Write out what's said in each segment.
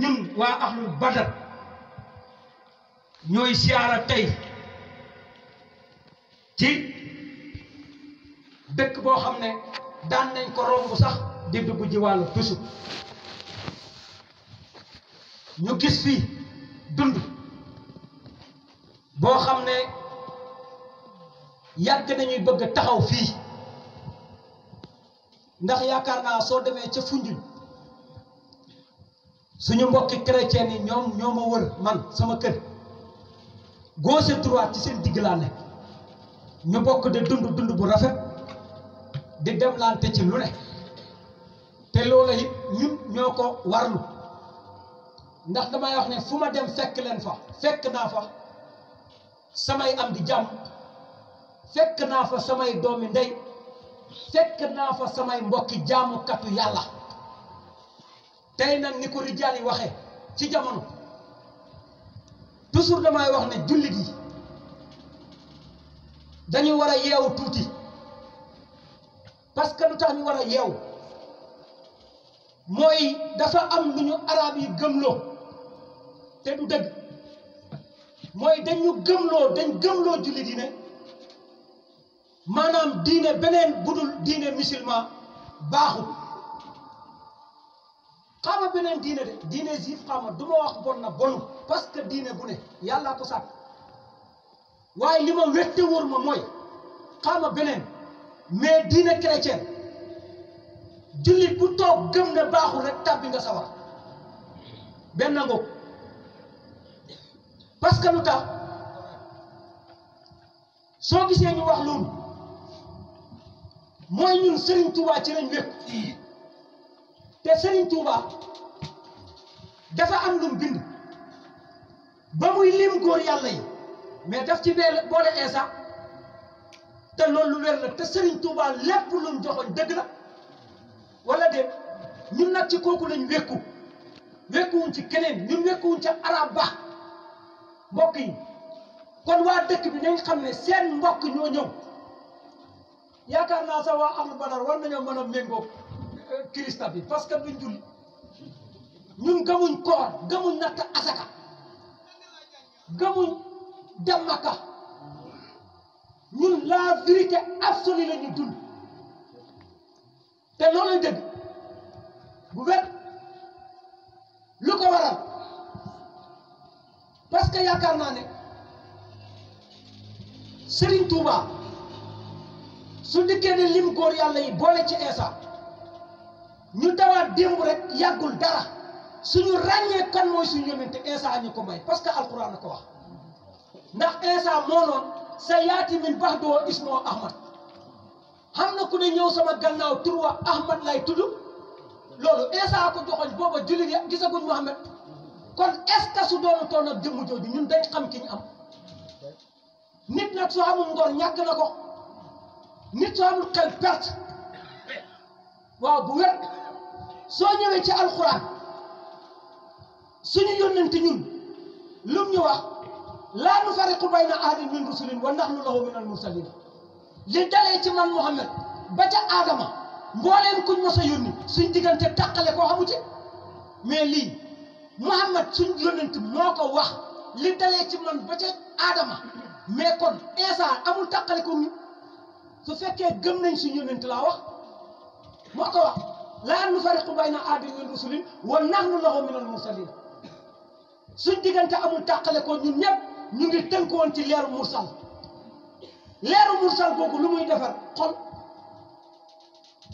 ñun waa ahlul badar ñooy siyaara tey ci dëkk boo xam ne daan nañ ko romb sax di dugg ji wàllu tusu ñu gis fi dund boo xam ne yàgg nañuy bëgg taxaw fii ndax yaakaar naa soo demee ca Foundiougne suñu mbokki chrétien yi ñoom ñoo ma wër man sama kër gauche droite ci seen digg laa nekk ñu bokk di dund dund bu rafet di demlante ci lu ne te loola it ñun ñoo ko warlu ndax damay wax ne fu ma dem fekk leen fa fekk naa fa samay am di jàmm fekk naa fa samay doomi ndey fekk naa fa samay mbokki jaamukatu yàlla tey nag ni ko rijaal yi waxee ci jamono toujours damay wax ne jullit yi dañu war a yeewu tuuti parce que lu tax ñu war a yeewu mooy dafa am lu ñu arab yi gëmloo te du dëgg mooy dañ gëmloo dañ gëmloo jullit yi ne maanaam diine beneen budul diine musulman baaxul. xaama beneen diine de diine juif xaama du ma wax bon na bonu parce que diine bu ne yàlla ko sàkk waaye li ma wette wóor ma mooy xaama beneen mais diine chrétien jullit bu toog gëm ne baaxul tàbbi nga sawar benn ngoog parce que lu tax soo gisee ñu wax loolu mooy ñun Serigne Touba ci lañ wékk te Serigne Touba dafa am lum bind ba muy lim góor yàlla yi mais def ci bee boole Insa te loolu lu wér la te Serigne Touba lépp lum joxoon dëgg la wala de ñun nag ci kooku lañ wékku wékkuwuñ ci keneen ñun wékkuwuñ ca arab ba mbokk yi kon waa dëkk bi nañ xam ne seen mbokk ñoo ñëw yaakaar naa sax waa ahlu badar war nañoo mën a méngoo kirista bi parce que duñ julli ñun gëmuñ koor gëmuñ natt asaka gëmuñ dem Makka ñun la vérité absolue la ñu te loolu dëgg bu wér lu ko waral parce que yaakaar naa ne Serigne Touba su dikkee ne lim góor yàlla yi boole ci esa ñu dawaa dem rek yagul dara suñu ragne kan moy suñu yónnente isa ñu ko may parce que alcorane ko wax ndax isa mo non sayati min bahdo ismo ahmad xamna ku ne ñew sama gannaaw turwa ahmad lay tuddu lolu isa ko joxoñ bobo julli ya gisaguñ muhammad kon est ce que su doon ton ak dem jodi ñun day xam ki ñu am nit nak so amul ngor ñak na ko nit so amul xel perte waaw bu wer soo ñëwee ci alxuraan suñu yónnante ñun lum ñu wax laa nu fariqu bayna ahadin min rusulin wa naxnu lahu min al mursalin li dalee ci man Muhammad ba ca Adama mbooleem kuñ mos a yónni suñ diggante tàqale koo xamu ci mais lii Muhammad suñ yónnante moo ko wax li dalee ci man ba ca Adama mais kon Isa amul tàqale ko ñu su fekkee gëm nañ suñ yónnante laa wax moo ko wax. laa nufarriqu bayna ahadin min rusulih wa nahnu lahu minal mursalin suñ diggante amul tàqale ko ñun ñëpp ñu ngi tënk woon ci leeru mursal leeru mursal googu lu muy defar xol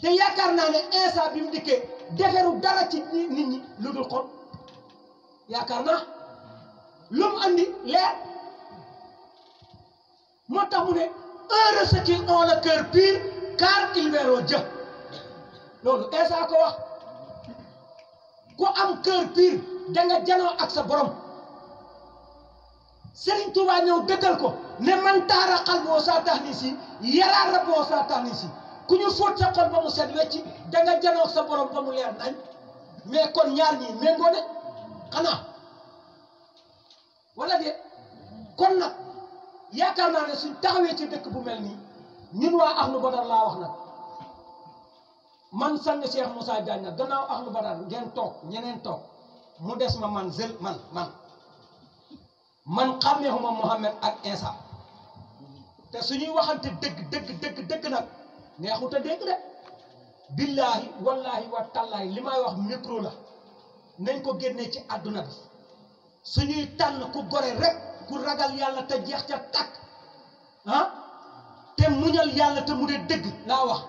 te yaakaar naa ne Iisaa bi mu dikkee deferu dara ci nit ñi lu dul xol yaakaar naa lu mu andi leer moo tax ne heure ce qui ont le cœur pur car loolu Isaa wax ku am kër pur da nga janoo ak sa borom Serigne Touba ñëw dëggal ko ne man taara xal boo saa tax ni si yaraa rab boo saa tax ni si ku ñu fóot sa xol ba mu set wecci da nga janoo ak sa borom ba mu leer nañ mais kon ñaar ñii méngoo de xanaa wala de kon nag yaakaar naa ne suñ taxawee ci dëkk bu mel nii ñun waa ahlu badar laa wax nag man sang Cheikh Moussa Diagne nag gannaaw ahlu badaan ngeen toog ñeneen toog mu des ma man zël man man man xàmmeexuma Mouhamed ak Insa te suñuy waxante dëgg dëgg dëgg dëgg nag neexut a dégg de billaahi wallaahi wa tallaahi li may wax micro la nañ ko génnee ci àdduna bi suñuy tànn ku gore rek ku ragal yàlla te jeex ca takk ah te muñal yàlla te mu dee dëgg laa wax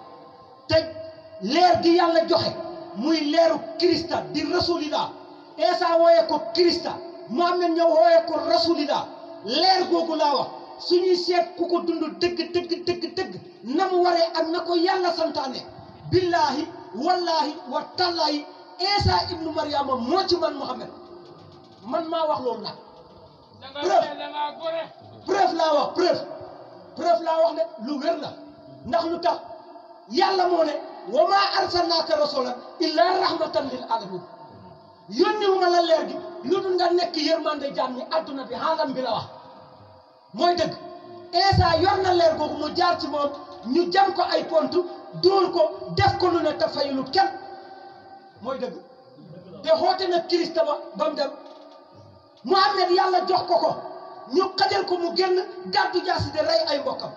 leer gi yàlla joxe muy leeru Krista di rasulillah Eesa wooyee ko Krista Mohamed ñëw wooyee ko rasulillah leer googu laa wax suñuy seet ku ko dund dëgg dëgg dëgg dëgg na mu waree ak na ko yàlla santaane billaahi wallaahi wa tallaahi Eesa ibnu Mariama moo ci man Mohamed man maa wax loolu nag. preuve preuve laa wax preuve preuve laa wax ne lu wér la ndax lu tax. yàlla moo ne wa maa arsalnaaka rasulan illaa rahmatan lil alamin la leer gi lu dul nga nekk yërmande jaam adduna bi xaalam la wax mooy dëgg Isa yor na leer googu mu jaar ci moom ñu jam ko ay pont dóor ko def ko lu ne te fayulu kenn mooy dëgg te xoote na Christ ba ba mu dem Muhammad yàlla jox ko ko ñu xajal ko mu génn gàddu jaasi de rey ay mbokkam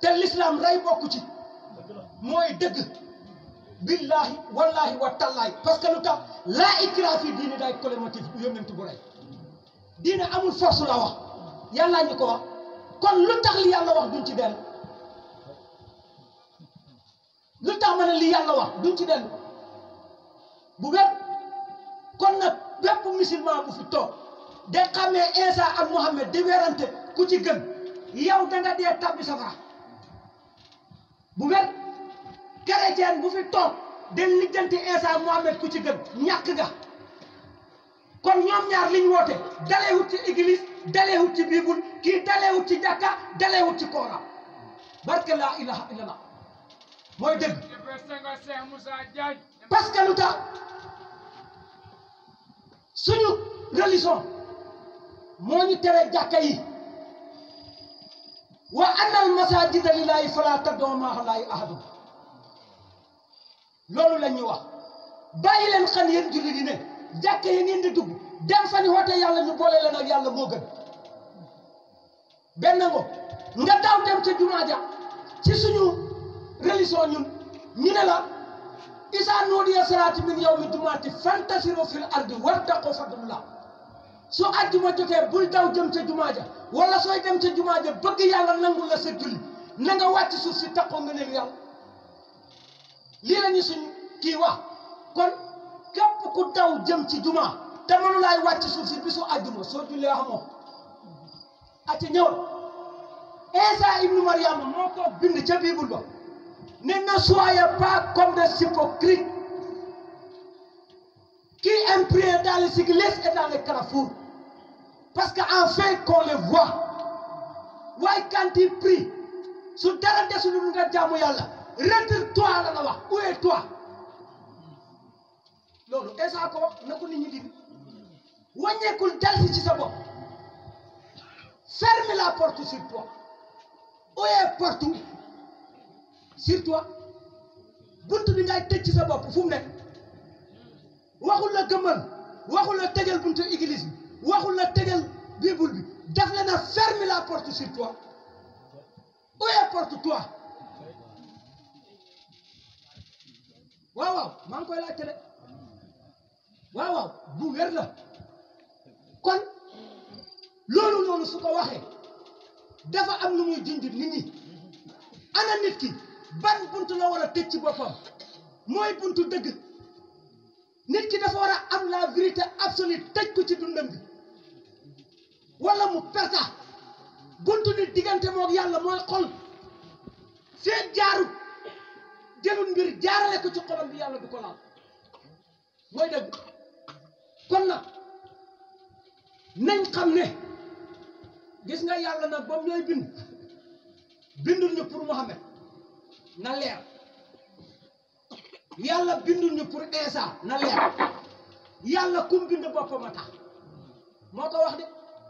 te l'islam rey bokku ci mooy dëgg billahi wallahi wa tallaay parce que lu tax laa ikraa fi diine daay collectif yónent bu rey diine amul force la wax yàllaa ñu ko wax kon lu tax li yàlla wax duñ ci dellu lu tax ma ne li yàlla wax duñ ci dellu bu wér kon nag bépp musulman bu fi toog de xamee Isa ak Muhammad di werante ku ci gën yow danga dee tabbi safara bu wér chrétien bu fi toog del lijjanti Isa Mohamed ku ci gën ñàkk nga kon ñoom ñaar liñ woote daleewut ci église daleewut ci biibul kii daleewut ci jàkka daleewut ci koora barke laa ilaha illallah mooy dëgg parce lu tax suñu religion moo ñu tere jàkka yi wa anna al masajida lillahi fala tad'u ma'a allahi loolu lañ ñu wax bàyyi leen xel yéen julli ne jàkk yi ngeen di dugg dem fa ñu wootee yàlla ñu boole leen ak yàlla moo gën benn ngo nga daaw dem ca jumaa ja ci suñu religion ñun ñu ne la isaa nuudiya salaati min yawmi jumaati fantasiru fil ardi wartaqu fadlullah su àjjuma jotee bul daw jëm ca jumaa ja wala sooy dem ca jumaa ja bëgg yàlla nangu la sa julli na nga wàcc suuf si taqoo nga leen yàlla lii la ñu suñ kii wax kon képp ku daw jëm ci juma te mënu laay wàcc suuf si bisu àjjuma soo jullee wax moom acca ñëwal Isa ibnu Mariam moo ko bind ca Bible ba ne ne soyez pas comme des hypocrites qui aiment prier dans les églises et dans les carrefours parce que en qu'on les voit waaye quand ils su dara desul lu nga jaamu yàlla retire-toi la la wax où est loolu Esa ko wax na ko nit ñi di wàññeekul dellu ci sa bopp ferme la porte sur toi où est porte sur bunt bi ngay tëj ci sa bopp fu mu nekk waxul la gëmmal waxul la tegal buntu église waxul la tegal bible bi daf la na ferme la porte sur toi où est porte toi waaw man koy laajte de waaw waaw bu la kon loolu noonu su waxee dafa am lu muy junj nit ñi ana nit ki ban bunt la war a tëj ci boppam mooy buntu dëgg nit ki dafa war a am la vérité absolue tëj ko ci dundam bi wala mu perta buntu nit diggante moog yàlla mooy xol feet jaarut jëlul mbir jaarale ko ci xolam bi yàlla du ko laal mooy dëgg kon nag nañ xam ne gis nga yàlla nag ba mu bind bindul ñu pour Muhammad na leer yàlla bindul ñu pour Isa na leer yàlla ku bind boppam a tax moo ko wax de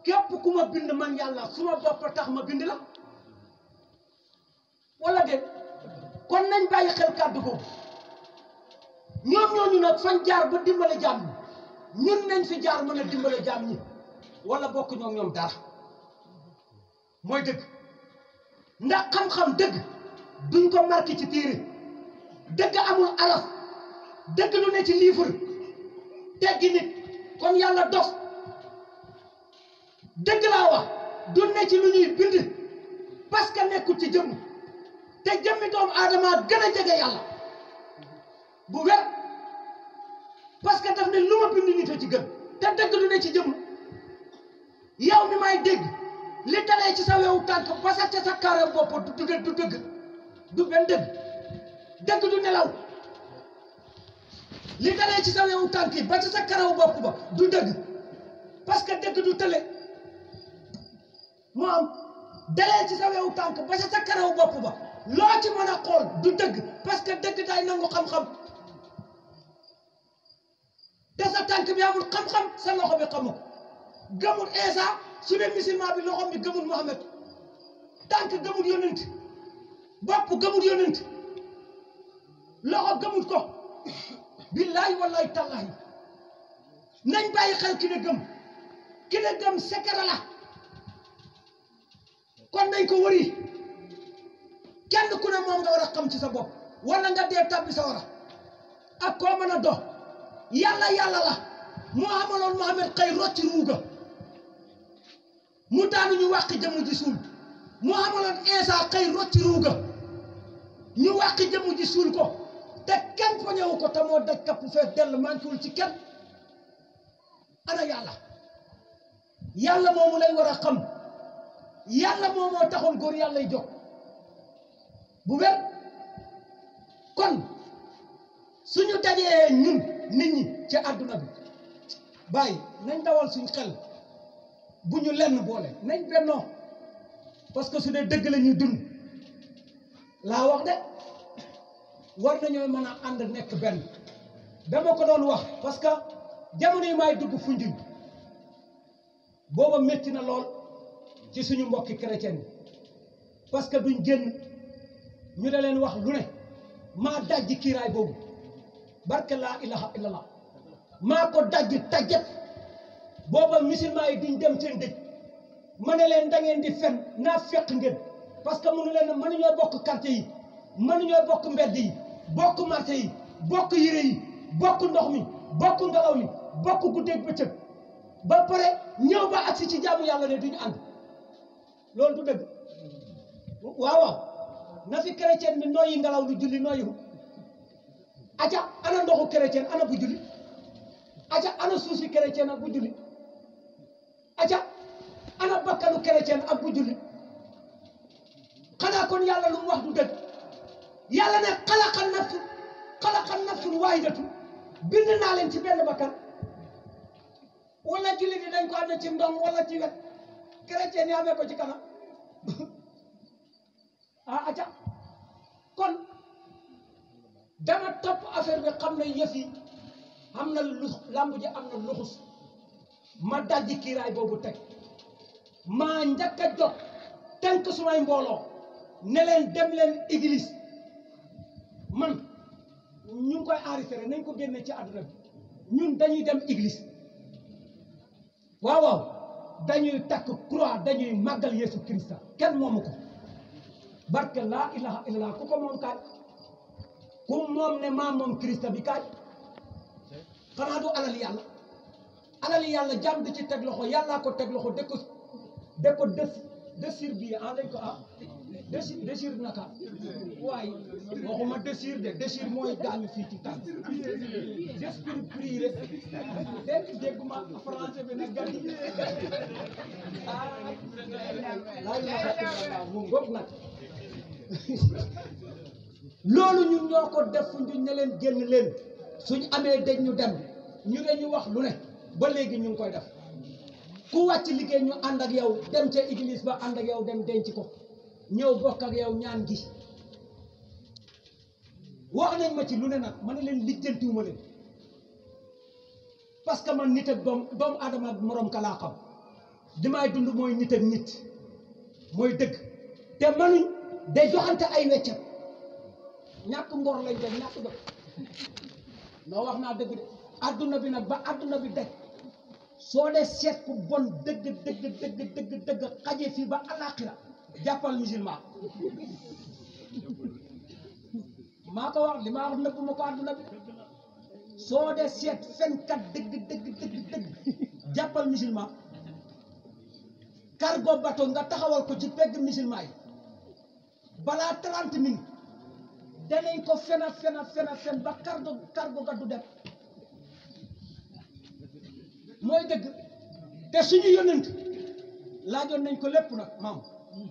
képp ku ma bind man yàlla su ma tax ma bind la wala de. kon nañ bàyyi xel kàddu ko ñoom ñooñu nag fañ jaar ba dimbale jaam ñi ñun nañ fi jaar mën a dimbale jaam ñi wala bokk ñoom ñoom dara mooy dëgg ndax xam-xam dëgg duñ ko marqué ci téere dëgg amul araf dëgg lu ne ci livre teggi nit comme yàlla dof dëgg laa wax du ne ci lu ñuy bind parce que nekkul ci jëmm te jëmmi doomu aadama gën a jege yàlla bu wér parce que daf ne lu ma bind nit a ci gën te dëgg lu ne ci jëm yow mi may dégg li dalee ci sa wewu ba sa ca sa kaaram bopp du du dëgg du dëgg du yi ba ci parce que dëgg tële mu dalee ci sa wewu ba ci sa karaw bopp ba loo ci mën a du dëgg parce que dëgg day nangu xam-xam te sa tànk bi amul xam-xam sa loxo bi gëmul Isa su dee bi loxom bi gëmul Muhammad tànk gëmul yonent bopp gëmul yonent loxo gëmul ko billahi wallahi tallahi nañ bàyyi xel ki gëm ki gëm sekara kon nañ ko wëri kenn ku ne moom nga war a xam ci sa bopp wala nga dee tabbi sa war ak koo mën a do yàlla yàlla la moo amaloon Mohamed xëy rocci ruuga mu daanu ñu wàq jëmm ji suul moo amaloon Insa xëy rocci ruuga ñu wàq jëmm ji suul ko te kenn poñewu ko te moo daj kapp fee dell manquewul ci kenn ana yàlla yàlla moomu lay war a xam yàlla moomoo taxoon góor yàlla lay bu wér kon suñu dajee ñun nit ñi ci àdduna bi bàyyi nañ dawal suñ xel bu ñu lenn boole nañ bennoo parce que su dee dëgg la dun laa wax de war nañoo mën a ànd nekk benn dama ko doon wax parce que jamono yi maay dugg Foundiougne booba métti na lool ci suñu mbokki chrétien yi parce que duñ génn ñu deleen leen wax lu ne maa dajji kiiraay boobu barke laa ilaha illallah maa ko dajji tajjat booba musulman yi duñ dem seen dëj ma ne leen da di fen naa fekk ngeen parce que mënu leen mënuñoo bokk quartier yi mënuñoo bokk mbedd yi bokk marché yi bokk yére yi bokk ndox mi bokk ngelaw yi bokk guddeeg bëccëg ba pare ñëw ba agsi ci jaamu yàlla ne duñu ànd loolu du dëgg waaw na fi chrétien bi nooyi ngelaw lu julli nooyi ko aca ana ndoxu chrétien ana bu julli aca ana suusi chrétien ak bu julli aca ana bakkanu chrétien ak bu julli xanaa kon yàlla lu mu wax du dëgg yàlla ne xalaqa nafsu xalaqa nafsun waahidatu bind naa leen ci benn bakkan wala julli di dañ ko amee ci ndong walla ci wet chrétien yi amee ko ci kanam ah aca kon dana topp affaire bi xam na yëf yi am na lux làmb am na luxus ma dajji kiiraay boobu teg maa njëkk a tenk tënk sumay mbooloo ne leen dem leen église man ñu ngi koy enregistré nañ ko génne ci àdduna bi ñun dañuy dem église waaw waaw dañuy takk croix dañuy màggal Yeesu Krista kenn moomu ko barke laa ilaha illallah ku ko moom kaay ku moom ne maa moom Krista bi kaay xanaa alal yàlla alal yàlla jàmm di ci teg loxo yàllaa ko teg loxo de ko de ko des désir bi ah lañ ko ah désir désir naka waaye waxuma désir de désir mooy gaañu fii ci tànn j'espère prix rek dégg dégguma français bi ah. nag gàddi ah laaj ma ko moom boog loolu ñun ñoo ko def fu ñu ne leen génn leen su ñu amee dëj ñu dem ñu ne ñu wax lu ne ba léegi ñu ngi koy def ku wàcc liggéey ñu ànd ak yow dem ca église ba ànd ak yow dem denc ko ñëw bokk ak yow ñaan gi wax nañ ma ci lu ne nag ma ne leen lijjantiwuma leen parce que man nit ak doom doomu aadama ak moroom ka laa xam li may dund mooy nit ak nit mooy dëgg te manuñ day joxante ay weccet ñàkk ngor lañ def ñàkk def loo wax naa dëgg de adduna bi nag ba àdduna bi daj soo dee seet ku bon dëgg dëgg dëgg dëgg dëgg fii ba alaxira jàppal musulman maa ko wax li maa wax ko adduna soo dee seet fenkat dëgg dëgg jàppal musulman cargo bateau nga taxawal ko ci pegg musulman yi balaa trente minutes danañ ko fena fena fena fen ba cargo cargo ga du dem mooy dëgg te suñu yonent laajoon nañ ko lépp nag maam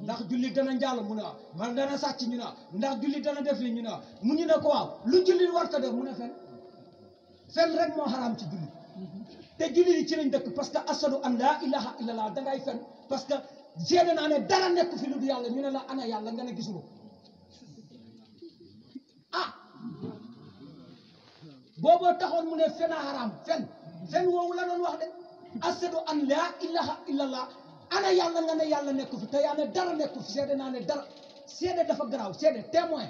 ndax julli dana njaalo mu ne waaw man dana sàcc ñu ne waaw ndax julli dana def li ñu ne mu ñu ne ko waaw lu julli warta def mu ne fen fen rek moo xaraam ci julli te julli ci lañ dëkk parce que asadu an laa ilaha illallah dangay fen parce que seede naa ne dara nekk fi lu du yàlla ñu ne la ana yàlla nga ne gisuloo ah booboo taxoon mu ne fena haram fen fen woowu la doon wax de asadu an laa ilaha illallah ana yàlla nga ne yàlla nekk fi te yaa ne dara nekk fi seede naa ne dara seede dafa garaaw seede témoin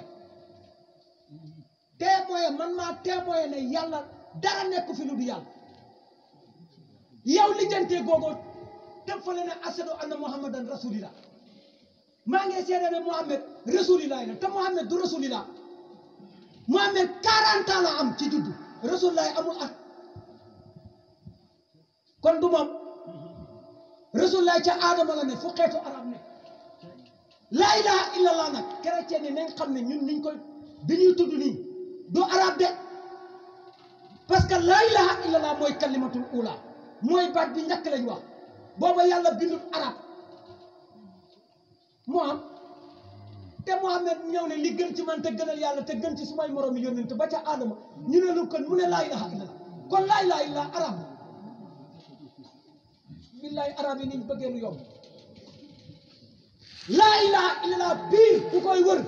témoin man maa témoin ne yàlla dara nekk fi lu du yàlla yow lijjantee googoo teg fa la ne ashadu anna muhammadan rasulillah maa ngi seede ne Mouhamed rasulillah la te am ci juddu rasulillah amul at kon du rasulillah ca aadama la ne fu xeetu arab ne laa ilaha nag chrétien yi nañ xam ne ñun niñ koy bi ñuy tudd nii du arab de parce que laa ilaha mooy kalimatul ula mooy baat bi njëkk lañ wax. booba yàlla bindut arab moo am te Muhammad ñëw ne li gën ci man te gënal yàlla te gën ci sumay moroom yónnent ba ca Adama ñu ne lu kon mu ne laa ilaha illallah kon laa ilaha illallah arab billahi arab yi niñ bëggee yomb laa ilaha illallah bii ku koy wër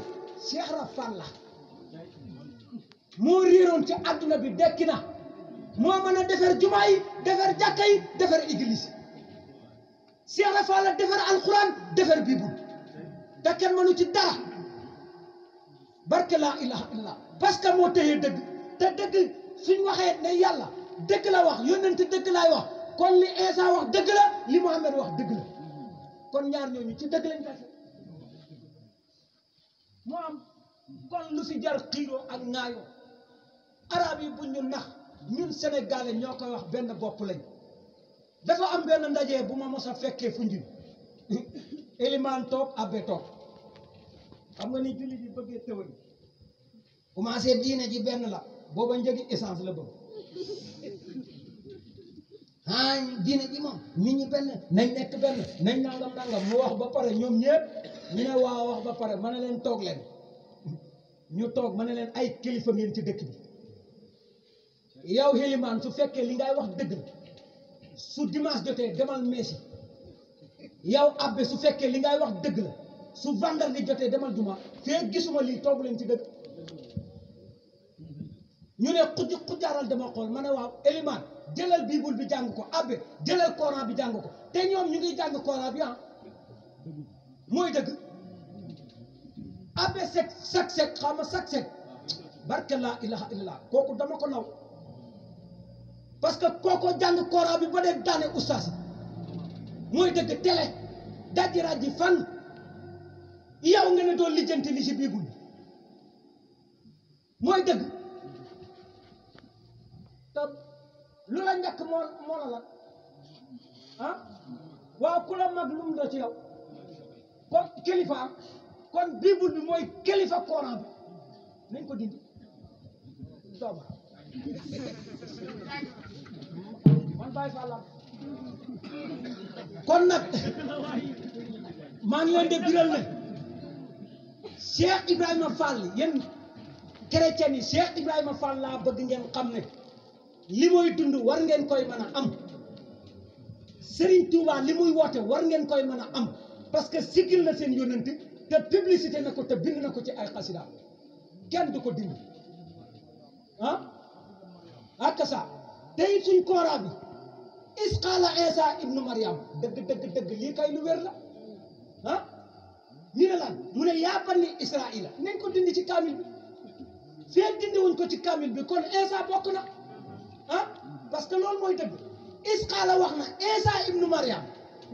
Cheikh Rafal la moo réeroon ci àdduna bi dekki na moo mën a defar jumaa yi defar jàkka yi defar église سيارة فعلا دفر القرآن دفر بيبون دا كان منو جدا بارك لا إله إلا الله بس كم وتهي دك تدك سين وحي نيا الله دك لا وح يومن تدك لا وح كل إيسا وح دك لا لي محمد وح دك لا كون يار نيو نيو تدك لين كاسي موام كون لوسي جار قيرو أك نايو عربي بنيو نخ نيو سنة قالي نيو كوا وح بين بوبلين dafa am benn ndaje bu ma mos a fekkee Foundiougne Eliman toog Abbé toog xam nga ni jullit ji bëggee théorie commencé diine ji benn la booba njëgi essence la bëgg ah diine ji moom nit ñi benn nañ nekk benn nañ nangam nangam mu wax ba pare ñoom ñëpp ñu ne waa wax ba pare ma ne leen toog leen ñu toog ma ne leen ay kilifa ngeen ci dëkk bi yow Eliman su fekkee li ngay wax dëgg su dimanche jotee demal meesi yow abbe su fekkee li ngay wax dëgg la su vendredi jotee demal juma fee gisuma lii toogu leen ci dëgg ñu ne xuj xujaaral dama xool ma ne waaw éliman jëlal biibul bi jàng ko abbe jëlal Coran bi jàng ko te ñoom ñu ngi jàng Coran bi ah mooy dëgg abbe sek sek sek xaw ma sek sek barke laa ilaha illallah kooku dama ko naw parce que kooko jàng kooraa bi ba dee daane ustaas mooy dëgg télé dajji fan yow nga ne doon lijjanti li ci biibul mooy dëgg te lu la njëkk moo moo la la ah? waaw ku la mag lum do ci yow kon kilifa kon biibul bi mooy kilifa kooraa bi ko dindi kon nag maa ngi leen di biral ne Cheikh Ibrahima Fall yéen chrétien yi Cheikh Ibrahima Fall laa bëgg ngeen xam ne li muy dund war ngeen koy mën a am Serigne Touba li muy woote war ngeen koy mën a am parce que sigil na seen yónnent te publicité na ko te bind na ko ci ay xasida kenn du ko dindi ah ak ah, sa tey suñ kooraa isqaala isa ibnu mariam dëgg dëgg dëgg lii kay lu wér la ah ñu ne lan mu ne yaa bani israila nañ ko dindi ci kaamil bi fee dindi wuñ ko ci kaamil bi kon isa bokk na ah parce que loolu mooy dëgg isqaala wax na isa ibnu mariam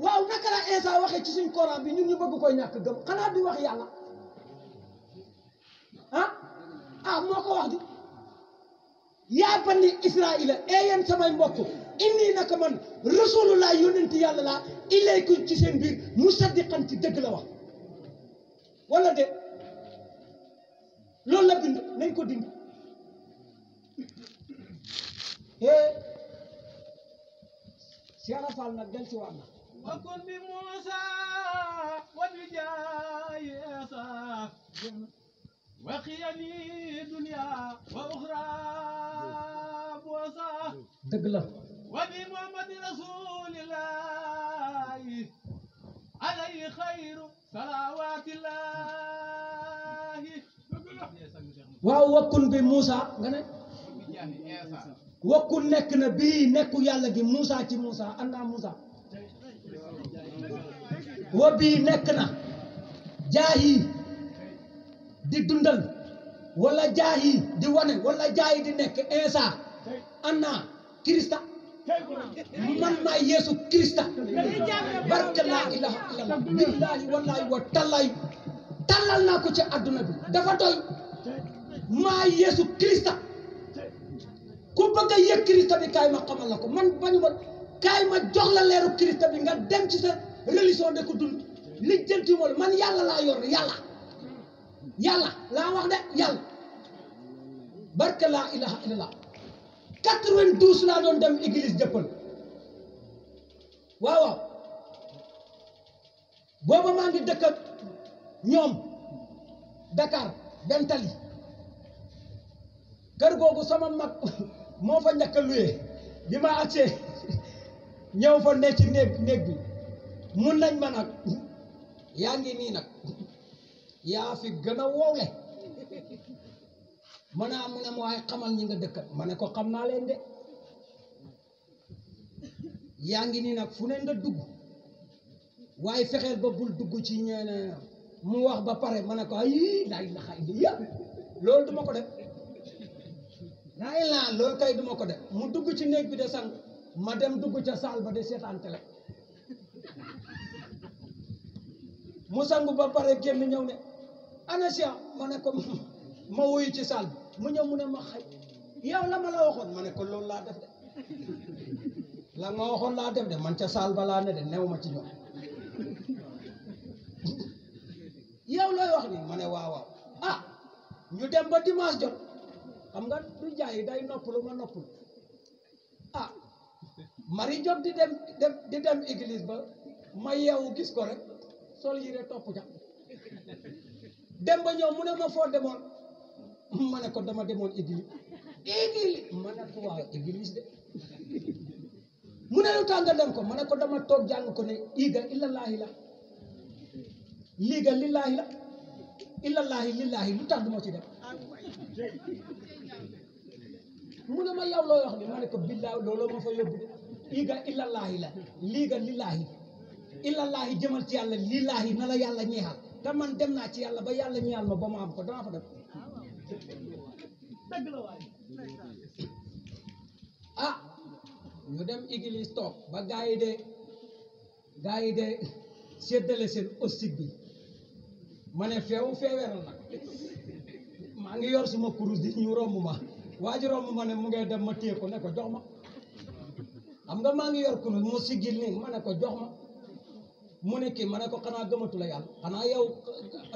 waaw naka la isa waxee ci suñ Coran bi ñun ñu bëgg koy ñàkk gëm xanaa du wax yàlla ah ah moo ko wax di yaa bani israila ee eh yéen samay mbokk inni naka man rasulullah yónent yàlla laa ilaykum ci seen biir musaddiqan ci dëgg la wax wala de loolu la bind nañ ko dindi hee eh, si ala faal nag del si waat dunya dëgg la wa bi muhammadi rasulillahi alayhi xayru salawatillahi waaw wakkun bi Moussa nga ne wakkun nekk na bii nekku yàlla gi Moussa ci Moussa anna Moussa wa bii nekk na jaahi di dundal wala jaahi di wane wala jaahi di nekk insa anna Kirista man maa Yeesu Kirista barke laa ilaha illallah billaahi wallaahi wa tallaahi tallal naa ko ci àdduna bi dafa doy maa Yeesu Kirista ku bëgg a yëg Kirista bi kaay ma xamal ko man bañu ma kaay ma jox la leeru Kirista bi nga dem ci sa religion de ko dund lijjanti yàlla laa yor yàlla yàlla laa wax de yàlla barke laa ilaha illallah 92 laa doon dem église jëppal waaw waaw booba maa ngi dëkk ñoom Dakar benn tali kër googu sama mag moo fa njëkk a bi ma agsee ñëw fa ne ci néeg néeg nañ ma nag yaa ngi nii nag yaa fi gën a woowle mana ne ah mu ne ma waaye xamal ñi nga dëkkat ma ne ko xam naa leen de yaa ngi nii nag fu ne nga dugg waaye fexeel ba bul dugg ci ñeene mu wax ba pare ma ne ko ay laay xay di yëpp loolu duma ko def laay laa loolu kay duma ko def mu dugg ci néeg bi de sang ma dem dugg ca saal ba seetaan tele mu sangu ba pare génn ñëw ne ana ma ko ma wuyu ci saal bi ma ñëw mu ne ma xaj yow la ma la waxoon ma ne ko laa def de la ma waxoon laa def de man ca saal ba laa ne de new ma ci ñoom yow looy wax ni ma ne waaw waaw ah, ñu dem ba dimanche jot xam nga du jaay day noppalu ma noppalu ah mari jot di dem di ba ma yeewu gis ko rek sol yére topp ca dem ba ñëw mu ne ma foo demoon ma ne ko dama demoon église église ma ne ko waaw église ne lu tax nga ko ma ne ko dama toog jàng ko ne iga illallaahi la liiga lillaahi la illallaahi lillaahi lu tax du ma ci dem mu ne ma yow loo wax ma ne ko billaahi loolu ma fa yóbbu de iga la liiga lillaahi illallaahi jëmal ci yàlla lillaahi na la yàlla ñeexal te man dem naa ci yàlla ba yàlla ñeexal ma ba ma am ko dama fa dem ah ñu dem église toog ba gaa yi de gaa yi de séddale seen ostig bi ma ne feewu feeweral nag maa ngi yor suma kurus di ñu romb ma waa ji romb ma ne mu ngay dem ma téye ko ne ko jox ma xam nga maa ngi yor kurus mu sigil ni ma ne ko jox ma mu ne kii ma ne ko xanaa gëmatu la yàlla xanaa yow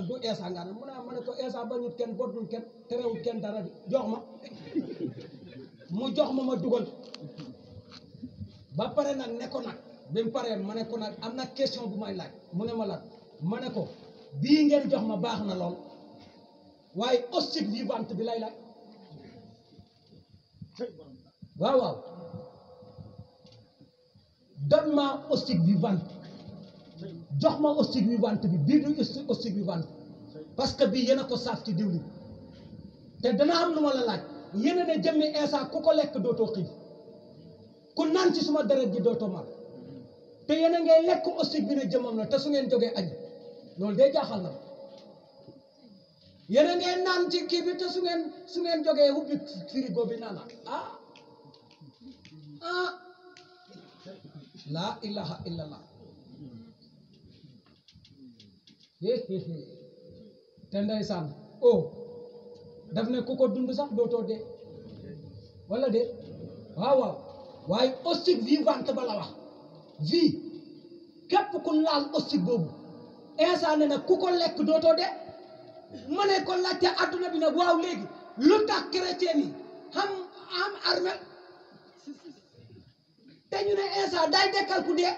du eesa nga ne mu ne ah ma ne ko eesa bañut kenn boddul kenn dara di jox ma mu jox ma ma dugal ba pare nag ne ko nag bi mu paree ma ne nag am na question bu may laaj mu ne ma laaj ma ne ko bii ngeen jox ma baax na lool waaye hostie vivante bi lay laaj waaw waaw donne-moi hostie vivante jox ma ostig bi wante bi bii du ostig bi wante parce que bii yéen a ko saaf ci diwlin te dana am lu ma la laaj yéen a ne jëmmi Insa ku ko lekk dootoo xiif ku naan ci suma deret ji dootoo mar te yéen a lekk ostig bi ne jëmam la te su ngeen jógee añ loolu day jaaxal na yéen a ngay naan ci kii bi te su ngeen su ngeen jogee ubbi frigo bi naan ah ah la ilaha Eh, eh, eh. te ndeysaan oh daf ne ku ko dund sax dootoo dee wala de waaw waaw waaye hostie vivante ba la wax képp ku laal hostie boobu instant ne nag ku ko lekk dootoo dee ma ko laajte adduna bi nag waaw léegi lu tax chrétien yi xam am armel te ñu ne day dekkal ku dee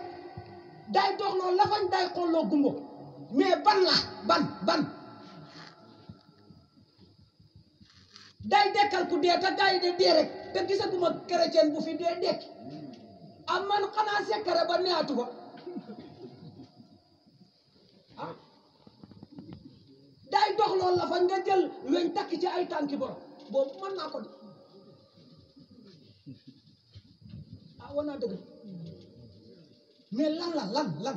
day doxloo lafañ day xolloo gumbo mais ban la ban ban day dekkal ku dee te gaa yi de dee rek te gisatuma chrétien bu fi dee dekk am man xana sekere ba neatu ko day dox loolu la fa nga jël weñ takk ci ay tanki borom bo man naa ko ah wana deug mais lan la lan lan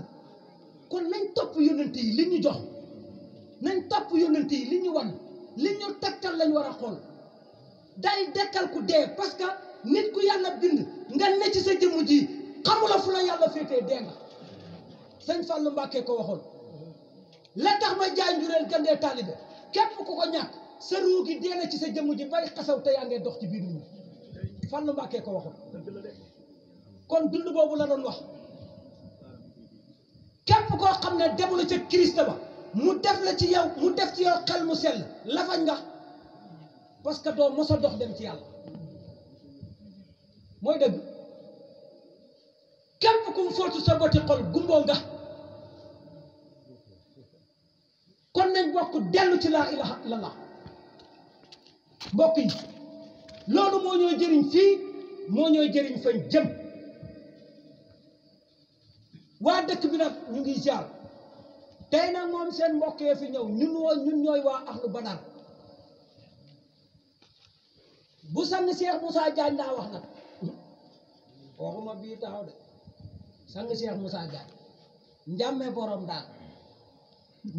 kon nañ topp yonent yi li ñu jox nañ topp yonent yi li ñu wan li ñu tegtal lañ war a xool day dekkal ku dee parce que nit ku yàlla bind nga ne ci sa jëmm ji xamula fu la yàlla féetee dee nga sëñ Fallou Mbàkke ko waxoon la tax ma jaay njureel gandee taalibe képp ko ko ñàkk sa ruu gi dee na ci sa jëmm ji bay xasaw te yaa dox ci biir nit ñi Fallou Mbàkke ko waxoon kon dund boobu la doon wax képp koo xam ne demu la ca Christ ba mu def la ci yow mu def ci yow xel mu sell lafañ nga parce que doo mos a dox dem ci yàlla mooy dëgg képp ku mu fóotu sa boti xol gumboo nga kon nañ bokk dellu ci laa ilaha illallah mbokk yi loolu moo ñooy jëriñ fii moo ñooy jëriñ fañ jëm waa dëkk bi nag ñu ngi ziar tey nag moom seen mbokk fi ñëw ñun woo ñooy waa axlu badar bu sang Cheikh Moussa Diagne wax nag bii taxaw de sang Cheikh Moussa borom daal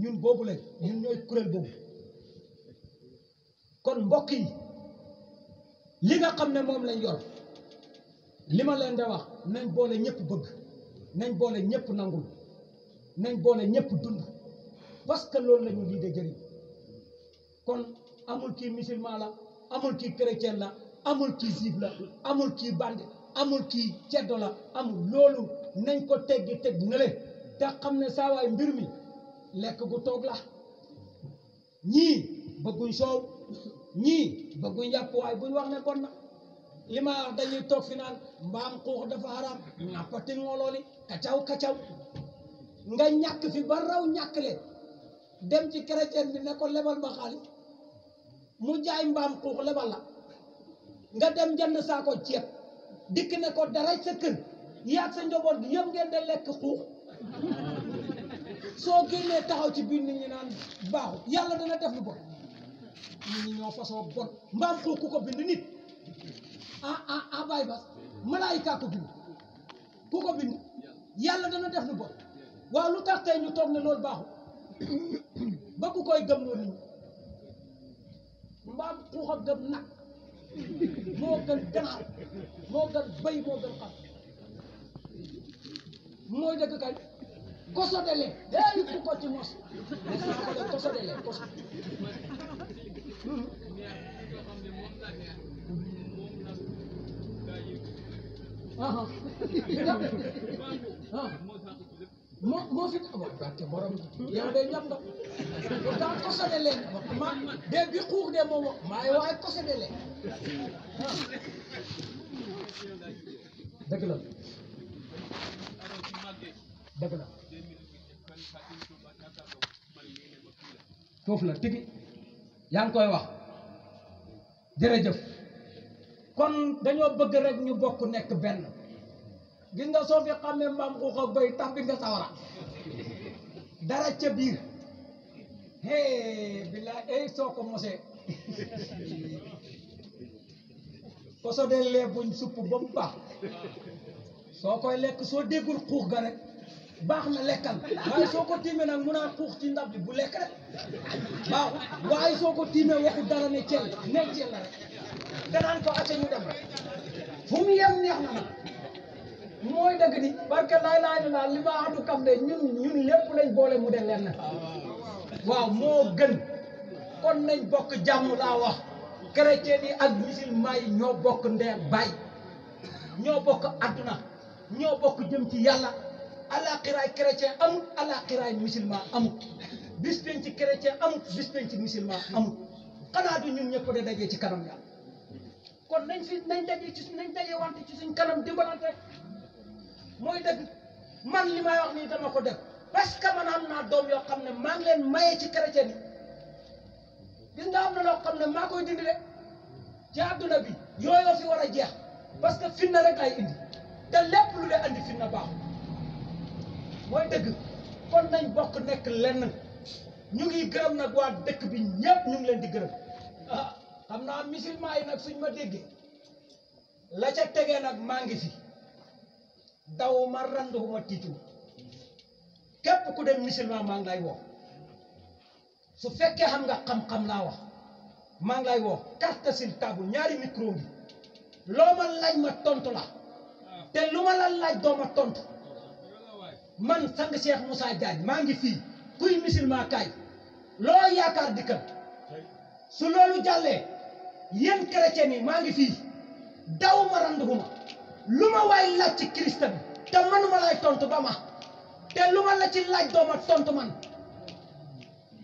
ñun boobu lañ ñun ñooy kuréel boobu kon mbokk yi li nga xam ne moom lañ yor li ma leen di wax nañ boole ñëpp bëgg nañ boole ñëpp nangul nañ boole ñëpp dund parce que loolu la ñu lii de jëriñ kon amul kii musulman la amul kii chrétien la amul kii juif la amul kii bandi amul kii ceddo la amul loolu nañ ko teggi teg nële te xam ne saawaay mbir mi lekk gu toog la ñii bëgguñ soow ñii bëgguñ yàpp waaye buñ wax ne bon na li ma wax dañuy toog fi naan mbaam xuux dafa haram nàppati ngolooli kacaw kacaw nga ñàkk fi ba raw ñàkk le dem ci chrétien bi ne ko lebal ma xaalis mu jaay mbaam xuux lebal la nga dem jënd saako ceeb dikk ne ko dara sa kër yaag sa njaboot gi yëpp ngeen de lekk xuux soo génnee taxaw ci biir nit ñi naan baaxu yàlla dana def lu bon ñi ñoo façon bon mbaam xuux ku ko bind nit ah ah Baye Bass malaayika ko bind ku ko bind yàlla dana def lu bon waaw lu tax tey ñu toog ne loolu baaxul ba ku koy gëm loo nit ñi xuuxa gëm nag moo gën ganaar moo gën béy moo gën xam mooy dëgg kay koso de lee day ku ko ci mos koso de lee koso moo moo fi waaw gàncax borom yow de ñam nga pourtant kosone leen ma de bi xuux de moom maay waaye kosone leen dëgg la dëgg la foofu la tigi yaa ngi koy wax jërëjëf. kon dañoo bëgg rek ñu bokk nekk benn gis nga soo fi xamee mbaam xuux ak bëy tax bi nga sawara dara ca biir hey billaay ey soo ko mosee koso dee lee buñ supp ba soo koy lekk soo déggul xuux ga rek baax na lekkal waaye soo ko tiimee nag mun a xuux ci ndab bi bu lekk rek waaye soo ko tiimee waxu dara ne cel ne cel la danaan ko acca ñu dem fu mu yem neex na ma mooy dëgg di barke laay laay na laa li ma atu kam de ñun ñun lépp lañ boole mu dem leen na waaw moo gën kon nañ bokk jàmm laa wax chrétien yi ak musulman yi ñoo bokk ndee bay ñoo bokk adduna ñoo bokk jëm ci yàlla alaxiraay chrétien amut alaxiraay musulman amut bis pénc ci chrétien amut bis pénc ci musulman amut xanaa ñun ñëpp de dajee ci kanam yàlla kon nañ fi nañ daje ci nañ daje wante ci suñ kanam dimbalante mooy dëgg man li may wax nii dama ko def parce que man am naa doom yoo xam ne maa ngi leen maye ci chrétien yi gis nga am na loo xam ne maa koy dindi de ci àdduna bi yooyu fi war a jeex parce que fitna rek lay indi te lépp lu dee andi fitna baaxul mooy dëgg kon nañ bokk nekk lenn ñu ngi gërëm nag waa dëkk bi ñëpp ñu ngi leen di gërëm xamna naa musulman yi nak suñ ma déggee la ca tegee nak maa ngi daw ma randu ma tiitu képp ku dem musulman ma ngi lay woo su fekkee xam nga xam-xam la wax ma ngi lay carte sur tabu ñaari micro ngi ma laaj ma tontu la te luma la laaj do ma tontu man sang Cheikh Moussa Diagne ma ngi fi kuy musulman kay lo yaakar dikkal su lolou jalle yen chrétien yi ma ngi fi daw ma randuhuma lu ma waay ci Christ bi te manuma lay tontu bama te luma la ci laaj dooma tontu man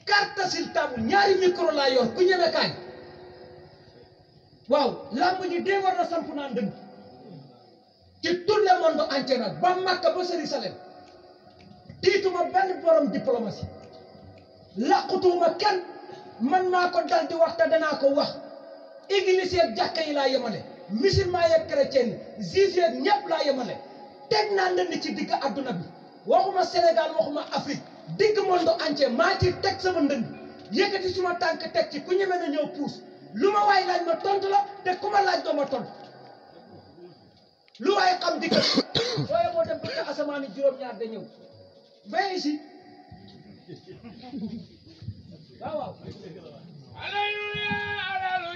carte sur table ñaari micro la yor ku ñeme kaay waaw lamb ji dee war na samp na dëgg ci tout le monde entier nak ba Makka ba Jérusalem tiituma benn borom diplomatie laqutuma man dal di wax te dana ko wax église yeeg jàkka yi laa yemale musulman yeeg chrétien yi juif yeeg laa yemale teg naa leen ni ci digg adduna bi waxuma Sénégal waxuma Afrique digg monde entier maa ci teg sama ndënd yëkkati suma tànk teg ci ku ñeme na ñëw puus lu ma waay laaj ma tontu la te ku ma laaj doo ma lu waay xam digg sooye boo dem ba ca asamaan yi juróom waaw.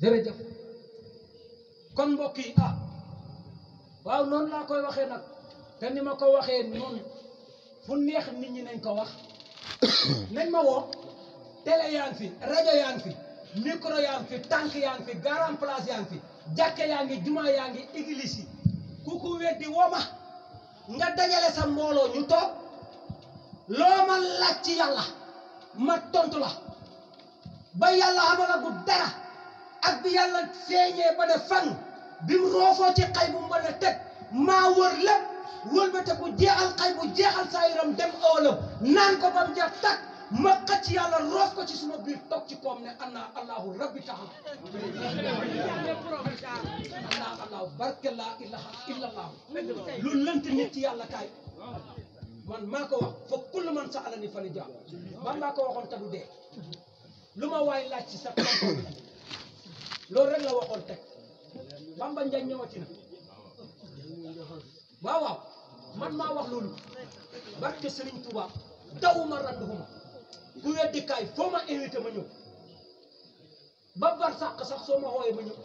jërëjëf kon mbokk yi ah waaw noonu laa koy waxee nag te ni ma ko waxee noonu fu neex nit ñi nañ ko wax nañ ma woo télé yaa ngi fi rajo yaa ngi fi micro yaa ngi fi tànk yaa ngi fi grand place yaa fi jàkke yaa ngi juma yaa ngi église yi ku ku nga dajale sa mbooloo ñu toog loo ma laaj ci ma tontu la ba yàlla xamal gu dara ak bi yàlla feeñee ba ne fan bi mu roofoo ci xay bu mën a teg maa wër lépp wër ba te bu jeexal xay bu jeexal saa yaram dem ëllëg naan ko ba mu ma xëcc yàlla roof ko ci suma biir toog ci koom ne anna allahu rabbi taala anna allahu barke laa ilaha illa allah lu lënt nit ci yàlla kaay man maa ko wax fa kullu man sa alani fali jaam man maa ko waxoon dee lu ma waay laaj ci sa loolu rek la waxoon teg Bamba Njaay ñëwati na waaw waaw man maa wax loolu barke Serigne Touba dawuma randuxuma ku weddi dikkaay foo ma invité ma ñëw ba bar sàq sax soo ma xooyee ma ñëw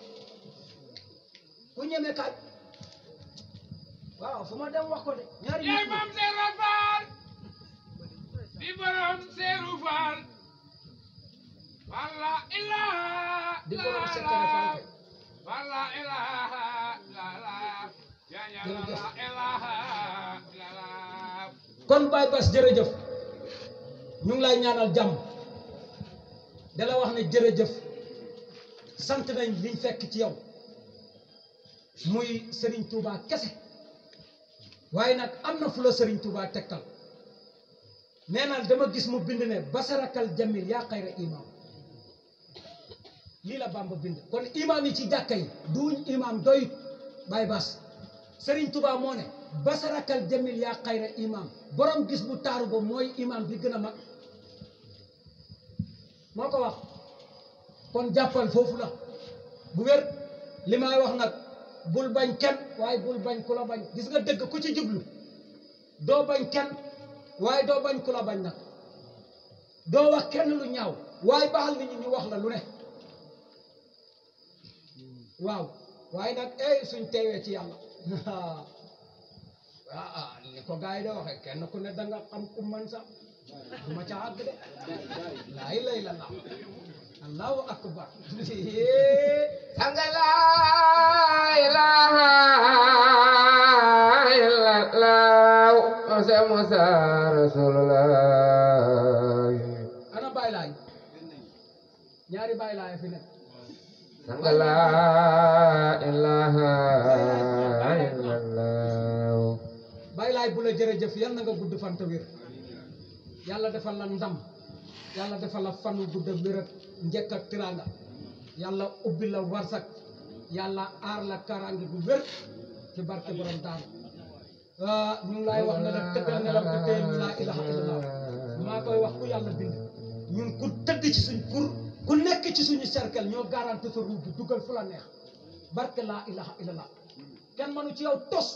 ku ñeme kaay waaw fu ma dem wax ko de ñaari maam seeru faal di borom seeru faal Wala ilaha la la. Wala ilaha la la. Ya ya la Kon Baye Bass jërëjëf ñu lay ñaanal jàmm dala wax ne sant nañ liñ fekk ci yow muy Serigne Touba kese waaye nag am fu la Serigne Touba tegtal dama gis mu bind ne basarakal jamil ya xayra imam lii la Bamba bind kon imaam yi ci jàkka yi duñ imaam doyut bay bas Serigne Touba moo ne basarakal jamil yaa xayra imaam borom gis bu taaru ba mooy imaam bi gën a mag moo ko wax kon jàppal foofu la bu wér li may wax nag bul bañ kenn waaye bul bañ ku la bañ gis nga dëgg ku ci jublu doo bañ kenn waaye doo bañ ku bañ nag doo wax kenn lu ñaaw waaye baal nit ñi ñu wax la lu ne waaw waaye nag ey suñ teewee ci yàlla ah ni ko gars yi da waxee kenn ku ne danga xam ku man sax du ma ca àgg de laa ilaaha illallaah allahu akbar sanga laa ilaaha illallaah Musa Musa Rasulullah ana bàyyi laay ñaari bàyyi laay fi ne sang la ilaha illallah bay laay bu la jërëjëf yal na nga gudd fan te wér defal la ndam yàlla defal la fanu gudd ak wér ak njëkk ak tiraanga ubbi la warsak yàlla aar la kaaraange gu wér ci barke borom daal ah, ñu laay wax ne nag tëddal nelaw te tey laa ilaha illallah maa koy wax ku yàlla bind ñun ku tëdd ci suñ ku nekk ci suñu cercle ñoo garanti sa ruub bi dugal fu la neex barke laa ilaha illallah kenn mënu ci yow tos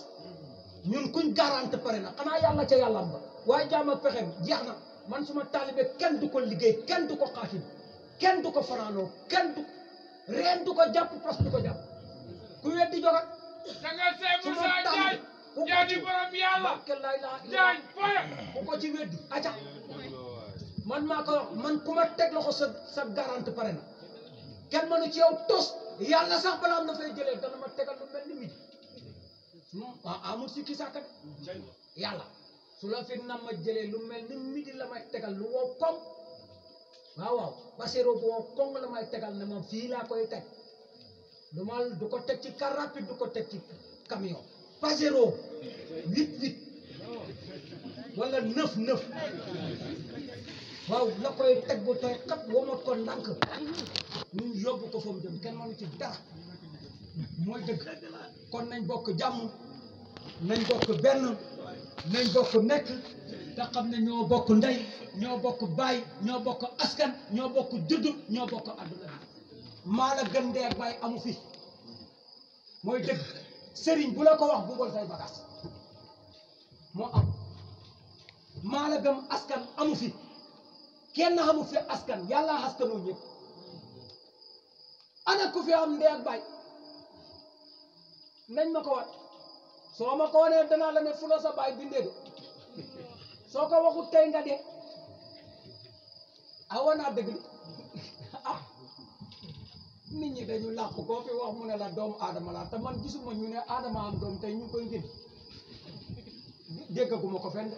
ñun kuñ garanti pare na xanaa yàlla ca yàlla am ba waaye jaam ak pexeem jeex na man suma taalibe kenn du ko liggéey kenn du ko xaatim kenn du ko fanaanoo kenn du reen du ko jàpp pos du ko jàpp ku weddi jogat danga see Moussa Diagne yaa di borom yàlla Diagne ku ko ci weddi aca man maa ko man ku ma teg loxo sa sa garante pare na kenn man mënu ci yow tos yàlla sax balaa am na fay jëlee dana ma tegal lu mel ni midi hmm? ah amul su la fi na ma jëlee lu mel ni midi la may tegal lu wow koŋ waaw waaw Basiro bu wow koŋ la may tegal ne ma fii laa koy teg du ma du ko teg ci car rapide du ko teg ci camion Basiro huit waaw la koy teg bu tooy xat womat ko ndànk ñun yóbbu ko foofu jëm kenn mënu ci dara mooy dëgg kon nañ bokk jàmm nañ bokk benn nañ bokk nekk te xam ñoo bokk ndey ñoo bokk baay ñoo bokk askan ñoo bokk juddu ñoo bokk àdduna bi maa gën ndee baay amu fi mooy dëgg sëriñ bu la ko wax bugal say bagaas moo am maa la askan amu fi kenn xamul fi askan yàlla askanoo ñëpp ana ku fi am ndey ak nañ ma ko wat soo ma ko wanee danaa la ne fu la sa baay soo ko waxut tey nga dee a wanaa dëgg li ah nit ñi dañu làqu koo fi wax mu ne la doomu aadama la te man gisuma ñu ne aadama am doom tey ñu koy ngénn déggaguma ko fenn de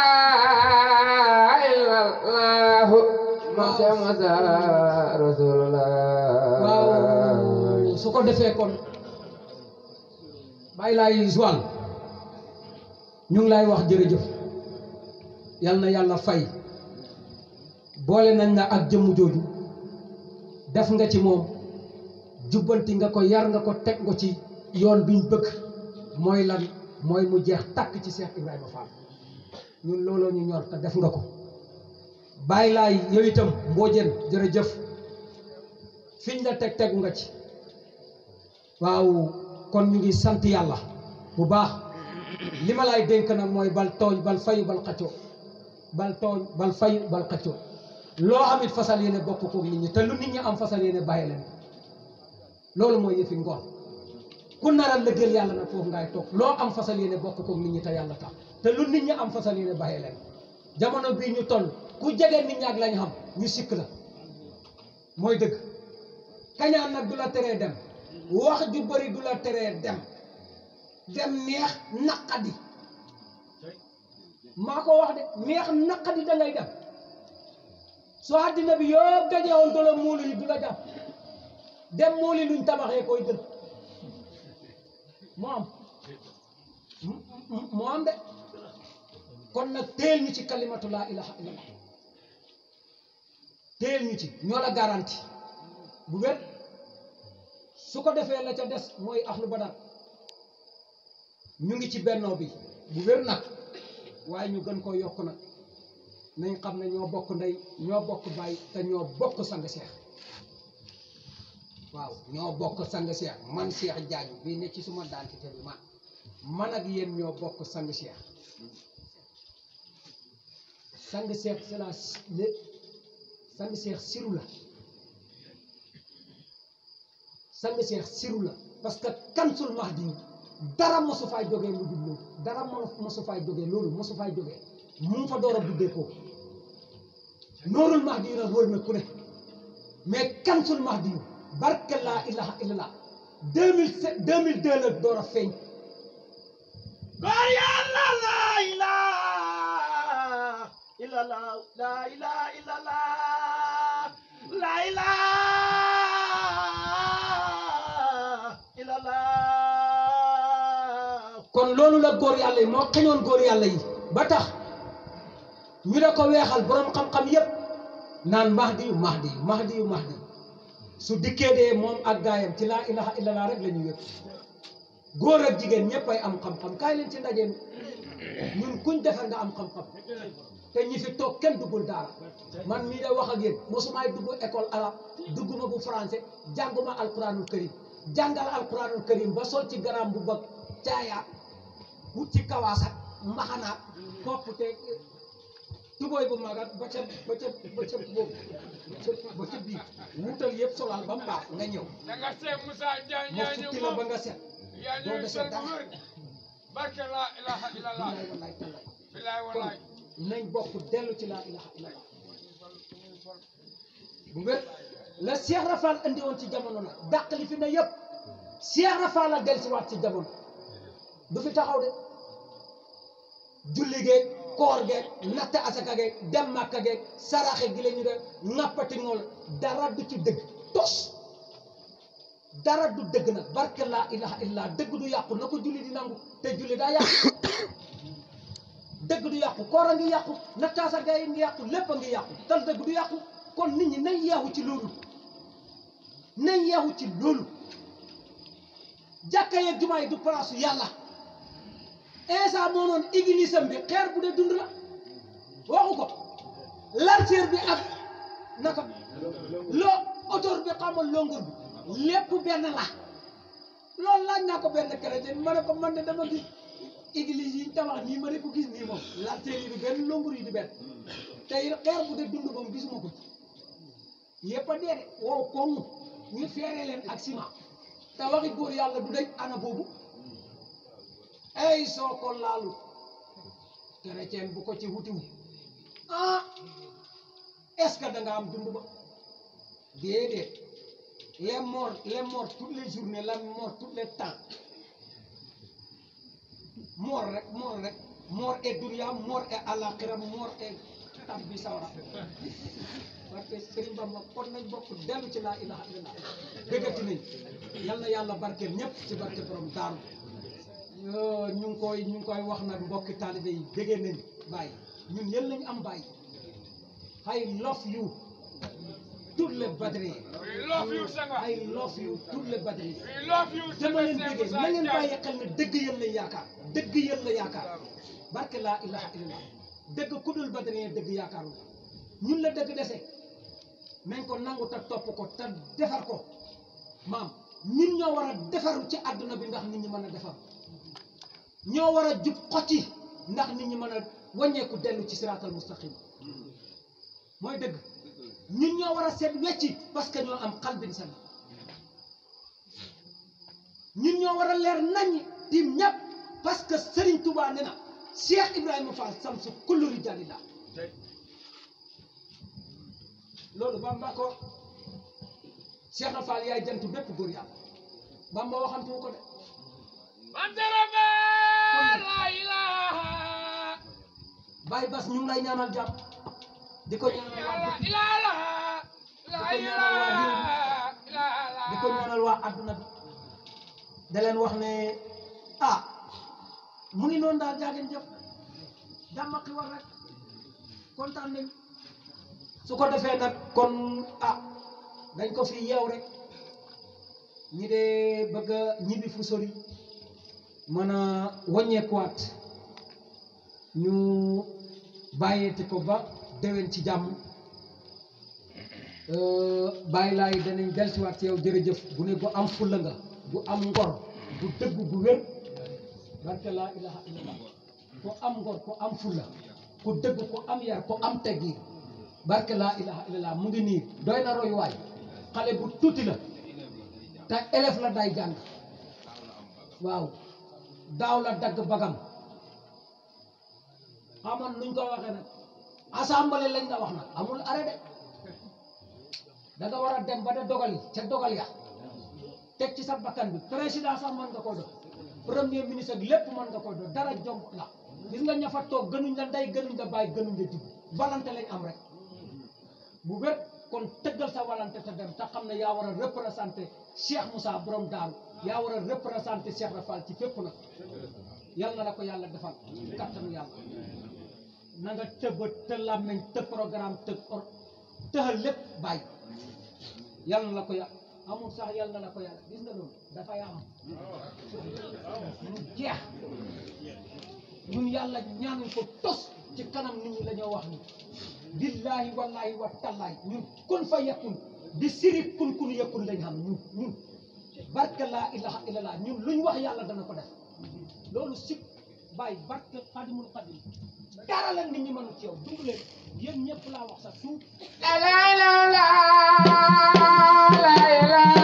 Musa su ko defee kon bàyyi laay Joal ñu ngi lay wax jërëjëf yal na yàlla fay boole nañ la ak jëmm jooju def nga ci moom jubbanti nga ko yar nga ko teg nga ci yoon biñ bëgg mooy lan mooy mu jeex takk ci Cheikh Ibrahima Fall ñun looloo ñu ñor te def nga ko bàyyi laay yow itam mboojeen jërëjëf fiñ la teg tegu nga ci waaw kon ñu ngi sant yàlla bu baax li ma laay dénk nag mooy bal tooñ bal fayu bal xaccoo bal tooñ bal fayu bal loo am it fasal yéene bokk koog nit ñi te lu nit ñi am fasal yéene bàyyi leen loolu mooy yëfi ngoon ku naral la yàlla nag foofu ngay toog loo am fasal yéene bokk koog nit ñi te te lu nit am fasal yéene bàyyi leen jamono bii ñu toll ku jégué nit ñak lañ xam ñu sik la moy dëgg kañaan nak du la teree dem wax ju bari du la teree dem dem neex naqadi mako wax de neex naqadi da ngay dem soo àddina bi gaje won do la mooli du la jàpp dem mooli luñ tabaxé koy dër mom mom de kon nak teel ñu ci kalimatu la ilaha illallah téyel ñu ci ñoo la garanti bu wér su ko defee la ca des mooy axlu badar ñu ngi ci bennoo bi bu wér nag waaye ñu gën koo yokk nag nañ xam ne ñoo bokk ndey ñoo bokk baay te ñoo bokk sang seex waaw ñoo bokk sang seex man seex jaaj bii ne ci suma dentité bi man man ak yéen ñoo bokk sang seex sang seex c'est la sang seex siru la parce que kansul mahdi dara mosu faa jógee lu dul dara mosu faa jógee loolu mosu faa jógee mu fa door a buddee ko noorul la wër na ku ne mais kansul mahdi barke laa ilaha illallah deux mille sept deux mille deux la door a feeñ góor loolu la góor yàlla yi moo xañoon góor yàlla yi ba tax ñu da ko weexal boroom xam-xam yépp naan mahdi yu mahdi yu mahdi yu su dikkee dee moom ak gaayam ci laa ilaha illallah rek la ñu wépp góor ak jigéen ñëpp ay am xam-xam kaay leen ci ndaje ñun kuñ defar nga am xam-xam te ñi fi toog kenn duggul daara man mii da wax ak yéen mosumaay dugg école arab dugguma bu français jànguma alquranul karim jàngal alquranul karim ba sol ci garam bu bëgg caaya wut ci kawaas ak mbaxanaat kopp te tubooy bu mag ak ba ca ba ca ba ca boobu yëpp solal ba mu nga ñëw moo futti la ba nga set na dese dara barke ci jamono ilaha illallah bu nga la Cheikh Rafal andi woon ci jamono nag dàq yëpp Cheikh Rafal la dellusiwaat ci jamono du fi taxaw de julli geeg koor geeg natt asaka geeg dem màkka geeg saraxe gi la ñu def nàppati dara du ci dëgg tos dara du dëgg nag barke laa ilaha illa dëgg du yàqu na julli di nangu te julli daa yàqu dëgg du yàqu koor a ngi asaka tal dëgg du yàqu kon nit ñi nañ yeexu ci loolu nañ yeexu ci loolu jàkka yeeg jumaa du place Isa moo noon église am bi xeer bu dee dund la waxu ko largeur bi ak naka loo hauteur bi xamal longueur bi lépp benn la loolu laaj naa ko benn chrétien ma ne ko man de dama gis église yi tabax nii ma ne ko gis nii moom largeur yi du benn longueur yi du te xeer bu dee dund moom gisuma ko ci yëpp a dee de wow ak ciment te waxi yàlla du daj ana boobu ay soo ko laalu chrétien bu ko ci wutiwu ah est-ce que da nga am dund ba déedéet les morts les morts toutes les journées la mort tous les temps mort rek mort rek mort et dunya mort et alaxira mort et tab bi sawra parce que Serigne kon nañ bokk dellu ci laa ilaha illallah déggati nañ yal na yàlla barkeel ñëpp ci barke borom daaru Euh, ñu ngi koy ñu wax nag mbokki taalibe yi déggee nañ bàyyi ñun yéen lañu am bàyyi I love you tout le Badri I love you tout le Badri dama leen déggee na ngeen bàyyi xel ne dëgg yéen la yaakaar dëgg yéen la yaakaar barke laa ilaha illallah dëgg ku dul Badri dëgg yaakaarul ñun la dëgg dese nañ ko nangu te topp ko ta defar ko maam ñun ñoo war a defaru ci àdduna bi ndax nit ñi mën a defar ñoo war a jub xoti ndax nit ñi mën a wàññeeku dellu ci siraatal mustaqim mooy dëgg ñun ñoo war a seet wecci parce que ñoo am xalbin sami ñun ñoo war a leer nañ tim ñëpp parce que Serigne Touba ne na Cheikh Ibrahima Fall samsu kullu rijalillah loolu Bamba ko Cheikh na Fall yaay jantu bépp góor yàlla Bamba waxantu ko de. Baye Bass ñu ngi lay ñaanal jàpp di ko ñaanal waa di ko ñaanal waa àdduna da leen wax ne ah mu ngi noonu daal jaageen jëf jàmm ak war rek kontaan nañ su ko defee nag kon ah dañ ko fi yeew rek ñi dee bëgg a ñibbi fu sori man a wàññeekuwaat ñu bàyyeete ko ba déwén ci jàmm euh, bàyyi laay danañ delsiwaat ci yow jërëjëf bu ne am fulla nga bu am ngor bu dëgg bu wér barke laa ilaha illallah ku am ngor ku am fulla ku dëgg ku am yar ku am teggi barke laa ilaha illallah mu ngi nii doy na roy xale bu tuuti la te élève la day jàng waaw daaw la dagg bagam xamoon nuñ ko waxe nak assemblé lañ la wax nak amul arrêt de da nga wara dem ba da dogal ci dogal ya tek ci sa bakkan bi président sa man nga ko do premier ministre lepp man nga ko do dara jom la gis nga ñafa tok gënuñ la nday gënuñ da bay gënuñ da jub balante lañ am rek bu wér kon teggal sa walante te dem ta xam ya wara représenter Cheikh Moussa borom daaru ya wara a Cheikh Rafal ci fepp nak yalla nako yalla defal katam yalla na nga tebe te làmmeñ te programme te or te lépp bàyyi yal na la ko yàlla amul sax yalla nako ya ko yàlla gis nga loolu dafay am lu jeex ñun yàlla ñaanuñ ko tos ci kanam nit ñi lañu wax ni billahi wallahi wa tallahi ñun kun fa yakun di siri kun kun yekkun lañ xam ñun ñun barke laa ilaha illallah ñun luñ wax yàlla dana ko def loolu sib bàyyi barke xadimul xadim dara la nit ñi mënu ci yow dund leen yéen ñëpp laa wax sax suuf.